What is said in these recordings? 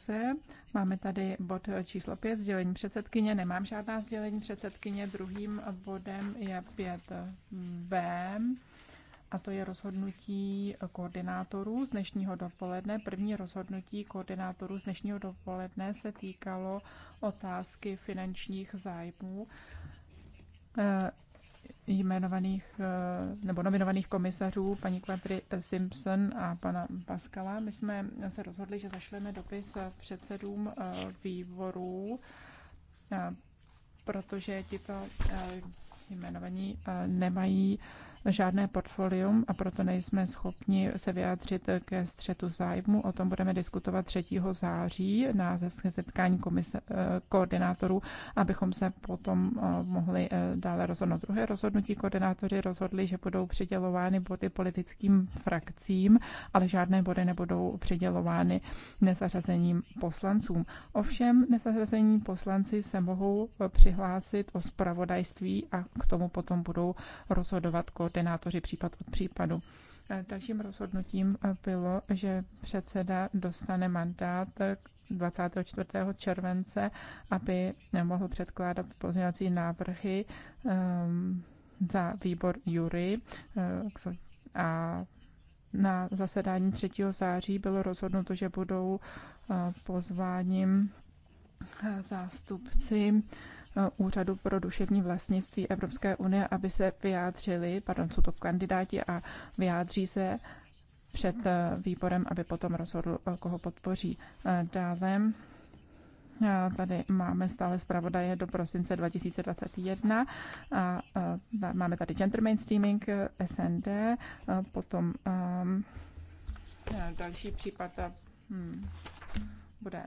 se. Máme tady bod číslo 5, sdělení předsedkyně. Nemám žádná sdělení předsedkyně. Druhým bodem je 5b. A to je rozhodnutí koordinátorů z dnešního dopoledne. První rozhodnutí koordinátorů z dnešního dopoledne se týkalo otázky finančních zájmů jmenovaných eh, nebo nominovaných komisařů, paní Quadry Simpson a pana Paskala. My jsme se rozhodli, že zašleme dopis předsedům eh, výborů, eh, protože tito jmenovaní nemají žádné portfolium a proto nejsme schopni se vyjádřit ke střetu zájmu. O tom budeme diskutovat 3. září na setkání komise, eh, koordinátorů, abychom se potom eh, mohli eh, dále rozhodnout. Druhé rozhodnutí koordinátoři rozhodli, že budou přidělovány body politickým frakcím, ale žádné body nebudou přidělovány nezařazením poslancům. Ovšem nezařazení poslanci se mohou přihlásit o spravodajství a k tomu potom budou rozhodovat koordinátoři koordinátoři případ od případu. Eh, Dalším rozhodnutím eh, bylo, že předseda dostane mandát 24. Eh, července, aby mohl předkládat pozměňovací návrhy ehm, za výbor jury a na zasedání 3. září bylo rozhodnuto, že budou pozváním zástupci Eh, Úřadu pro duševní vlastnictví Evropské unie, aby se vyjádřili, pardon, jsou to kandidáti a vyjádří se před eh, výborem, aby potom rozhodl, eh, koho podpoří. Dále Tady máme stále zpravodaje do prosince 2021 a, a máme tady gender mainstreaming, SND, potom um, další případ hmm, bude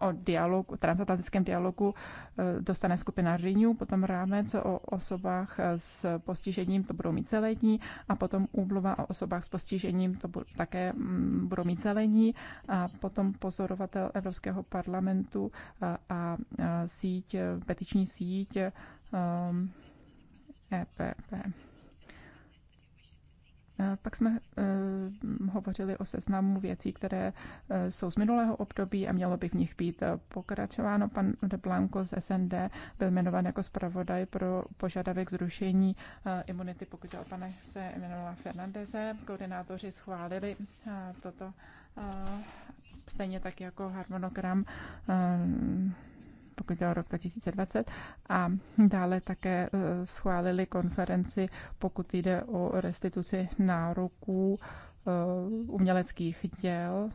o dialogu, transatlantickém dialogu e, dostane skupina Řinu, potom rámec o osobách s postižením, to budou mít zelení, a potom úmluva o osobách s postižením, to budou, také mm, budou mít celení, a potom pozorovatel Evropského parlamentu e, a, a e, síť, petiční síť um, EPP. Pak jsme eh, hovořili o seznamu věcí, které eh, jsou z minulého období a mělo by v nich být eh, pokračováno. Pan De Blanco z SND byl jmenován jako zpravodaj pro požadavek zrušení imunity, pokud o pane se jmenovala Fernandeze. Koordinátoři schválili toto stejně tak jako harmonogram pokud jde o rok 2020, a dále také eh, schválili konferenci, pokud jde o restituci nároků eh, uměleckých děl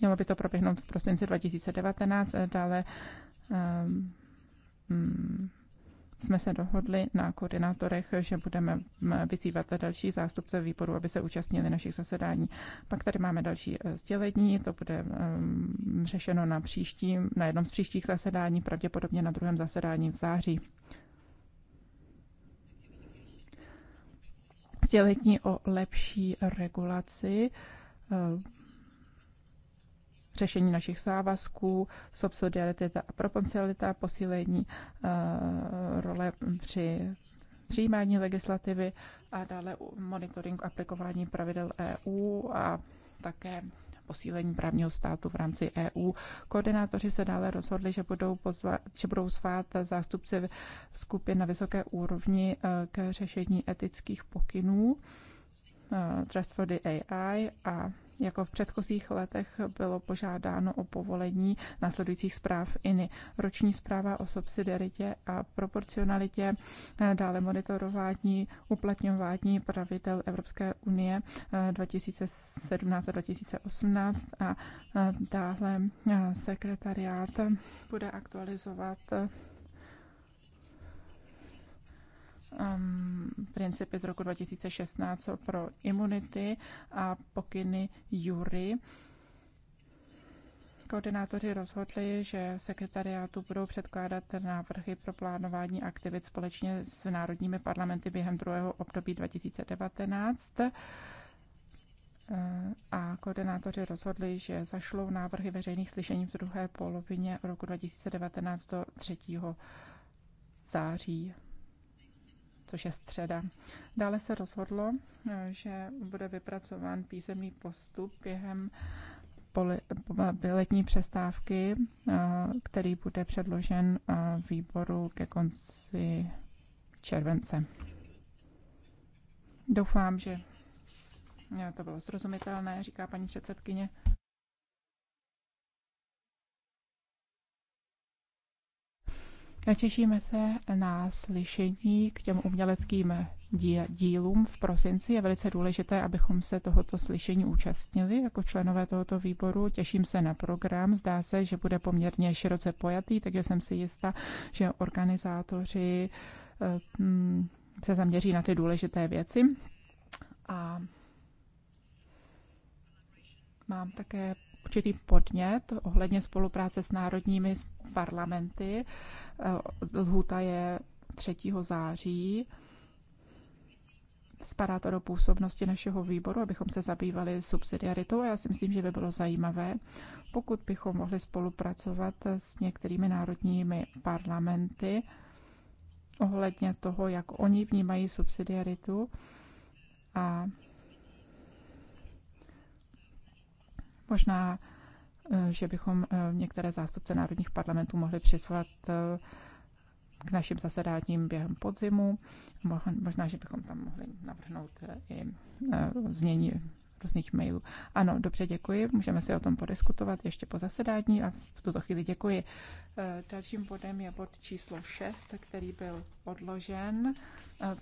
Mělo by to proběhnout v prosinci 2019, dále ehm, hmm, jsme se dohodli na koordinátorech, že budeme mm, vyzývat další zástupce výboru, aby se účastnili našich zasedání. Pak tady máme další eh, sdělení, to bude mm, řešeno na, příštím, na jednom z příštích zasedání, pravděpodobně na druhém zasedání v září. Sdělení o lepší regulaci eh, řešení našich závazků, subsidiarita a proporcionalita, posílení eh, role při přijímání legislativy a dále monitoring aplikování pravidel EU a také posílení právního státu v rámci EU. Koordinátoři se dále rozhodli, že budou, pozvat, že budou svát zástupce skupin na vysoké úrovni eh, k řešení etických pokynů eh, Trust for the AI a jako v předchozích letech bylo požádáno o povolení následujících zpráv INI. Roční zpráva o subsidiaritě a proporcionalitě, eh, dále monitorování, uplatňování pravidel Evropské unie 2017 eh, a 2018 a eh, dále sekretariát bude aktualizovat um, principy z roku 2016 pro imunity a pokyny jury. Koordinátoři rozhodli, že sekretariátu budou předkládat návrhy pro plánování aktivit společně s národními parlamenty během druhého období 2019 eh, a koordinátoři rozhodli, že zašlou návrhy veřejných slyšení v druhé polovině roku 2019 do 3. září což je středa. Dále se rozhodlo, že bude vypracován písemný postup během eh, letní přestávky, eh, který bude předložen eh, výboru ke konci července. Doufám, že to bylo srozumitelné, říká paní předsedkyně. Těšíme se na slyšení k těm uměleckým dílům v prosinci. Je velice důležité, abychom se tohoto slyšení účastnili jako členové tohoto výboru. Těším se na program. Zdá se, že bude poměrně široce pojatý, takže jsem si jistá, že organizátoři eh, hm, se zaměří na ty důležité věci. A mám také určitý podnět ohledně spolupráce s národními parlamenty. Eh, lhůta je 3. září. Spadá to do působnosti našeho výboru, abychom se zabývali subsidiaritou a já si myslím, že by bylo zajímavé, pokud bychom mohli spolupracovat s některými národními parlamenty ohledně toho, jak oni vnímají subsidiaritu a Možná, eh, že bychom eh, některé zástupce národních parlamentů mohli přizvat eh, k našim zasedáním během podzimu. Možná, že bychom tam mohli navrhnout i znění různých mailů. Ano, dobře, děkuji. Můžeme si o tom podiskutovat ještě po zasedání a v tuto chvíli děkuji. Dalším bodem je bod číslo 6, který byl odložen.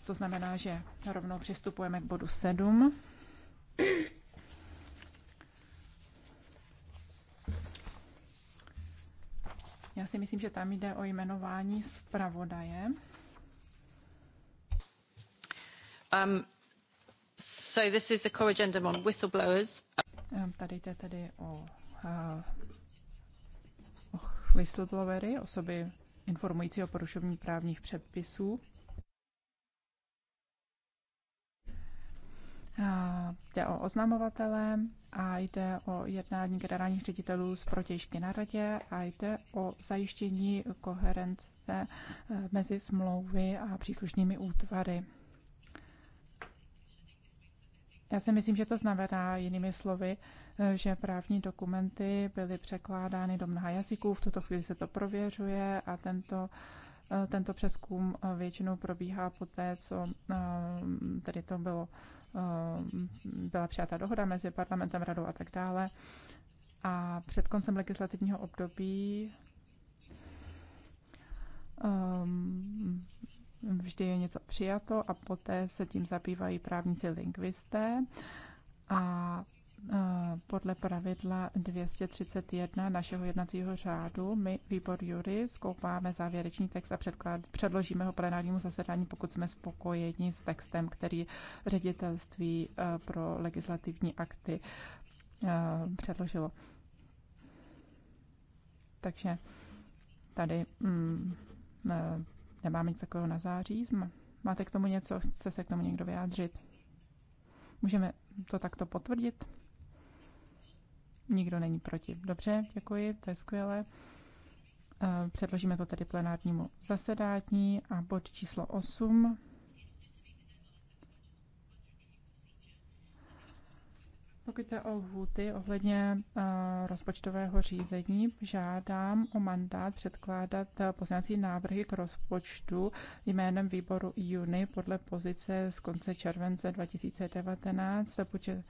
To znamená, že rovnou přistupujeme k bodu 7. Já si myslím, že tam jde o jmenování zpravodaje. Um, so this is a co agenda on whistleblowers. Um, tady jde tedy o, uh, o whistleblowery, osoby informující o porušování právních předpisů. Jde o oznamovatele a jde o jednání generálních ředitelů z protěžky na radě a jde o zajištění koherence eh, mezi smlouvy a příslušnými útvary. Já si myslím, že to znamená jinými slovy, eh, že právní dokumenty byly překládány do mnoha jazyků. V tuto chvíli se to prověřuje a tento Eh, tento přeskum eh, většinou probíhá poté, co eh, tedy to bylo, byla přijata dohoda mezi parlamentem, radou a tak dále. A před koncem legislativního období um, vždy je něco přijato a poté se tím zabývají právníci lingvisté. A Eh, podle pravidla 231 našeho jednacího řádu. My, výbor Jury, zkoupáme závěrečný text a předklad, předložíme ho plenárnímu zasedání, pokud jsme spokojeni s textem, který ředitelství eh, pro legislativní akty eh, předložilo. Takže tady mm, nemáme nic takového na září. Máte k tomu něco? Chce se k tomu někdo vyjádřit? Můžeme to takto potvrdit? Nikdo není proti. Dobře, děkuji, to je skvělé. Eh, předložíme to tedy plenárnímu zasedání a bod číslo 8. Pokud jde o lhůty ohledně eh, rozpočtového řízení, žádám o mandát předkládat eh, poznávací návrhy k rozpočtu jménem výboru juni podle pozice z konce července 2019. Počet,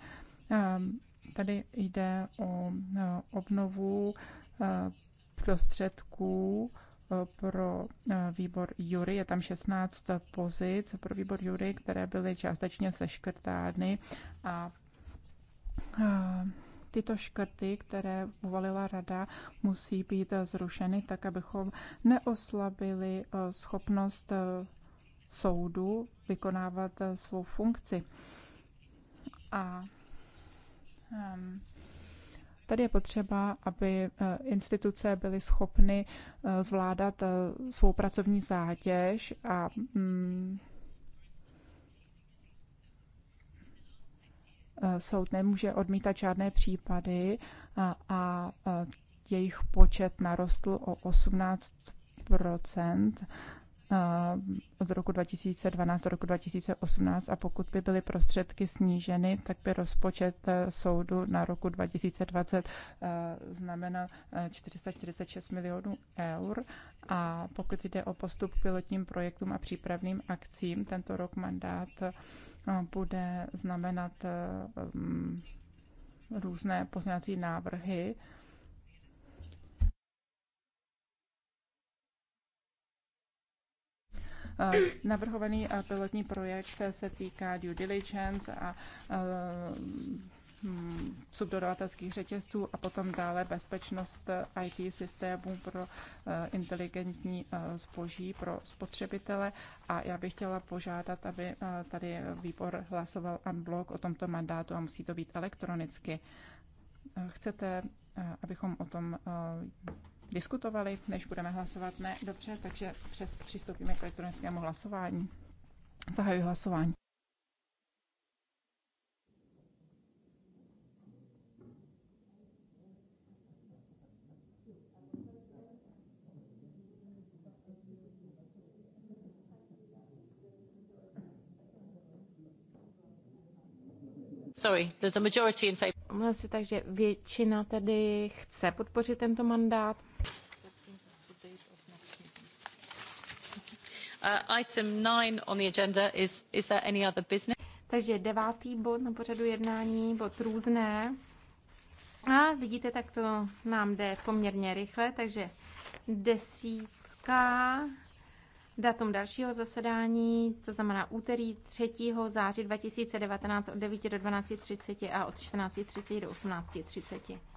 um, Tady jde o e, obnovu e, prostředků e, pro výbor Jury. Je tam 16 pozic pro výbor Jury, které byly částečně seškrtány a tyto škrty, které uvalila rada, musí být zrušeny tak, abychom neoslabili schopnost soudu vykonávat svou funkci. A Ehm, tady je potřeba, aby eh, instituce byly schopny eh, zvládat eh, svou pracovní zátěž a mm, soud nemůže odmítat žádné případy a, a jejich počet narostl o 18 od roku 2012 do roku 2018 a pokud by byly prostředky sníženy, tak by rozpočet e, soudu na roku 2020 znamenal 446 milionů eur a pokud jde o postup k pilotním projektům a přípravným akcím, tento rok mandát e, bude znamenat e, různé pozměňovací návrhy, Eh, navrhovaný eh, pilotní projekt eh, se týká due diligence a hm, subdodavatelských řetězců a potom dále bezpečnost IT systémů pro inteligentní zboží pro spotřebitele. A já bych chtěla požádat, aby tady výbor hlasoval unblock o tomto mandátu a musí to být elektronicky. Chcete, abychom o tom diskutovali, než budeme hlasovat. Ne, dobře, takže přes, přistoupíme k elektronickému hlasování. Zahajuji hlasování. Sorry, there's a majority in favor. takže většina tedy chce podpořit tento mandát. Uh, item 9 on the agenda is, is there any other business? Takže devátý bod na pořadu jednání, bod různé. A vidíte, tak to nám jde poměrně rychle, takže desítka, datum dalšího zasedání, to znamená úterý 3. září 2019 od 9 do 12.30 a od 14.30 do 18.30.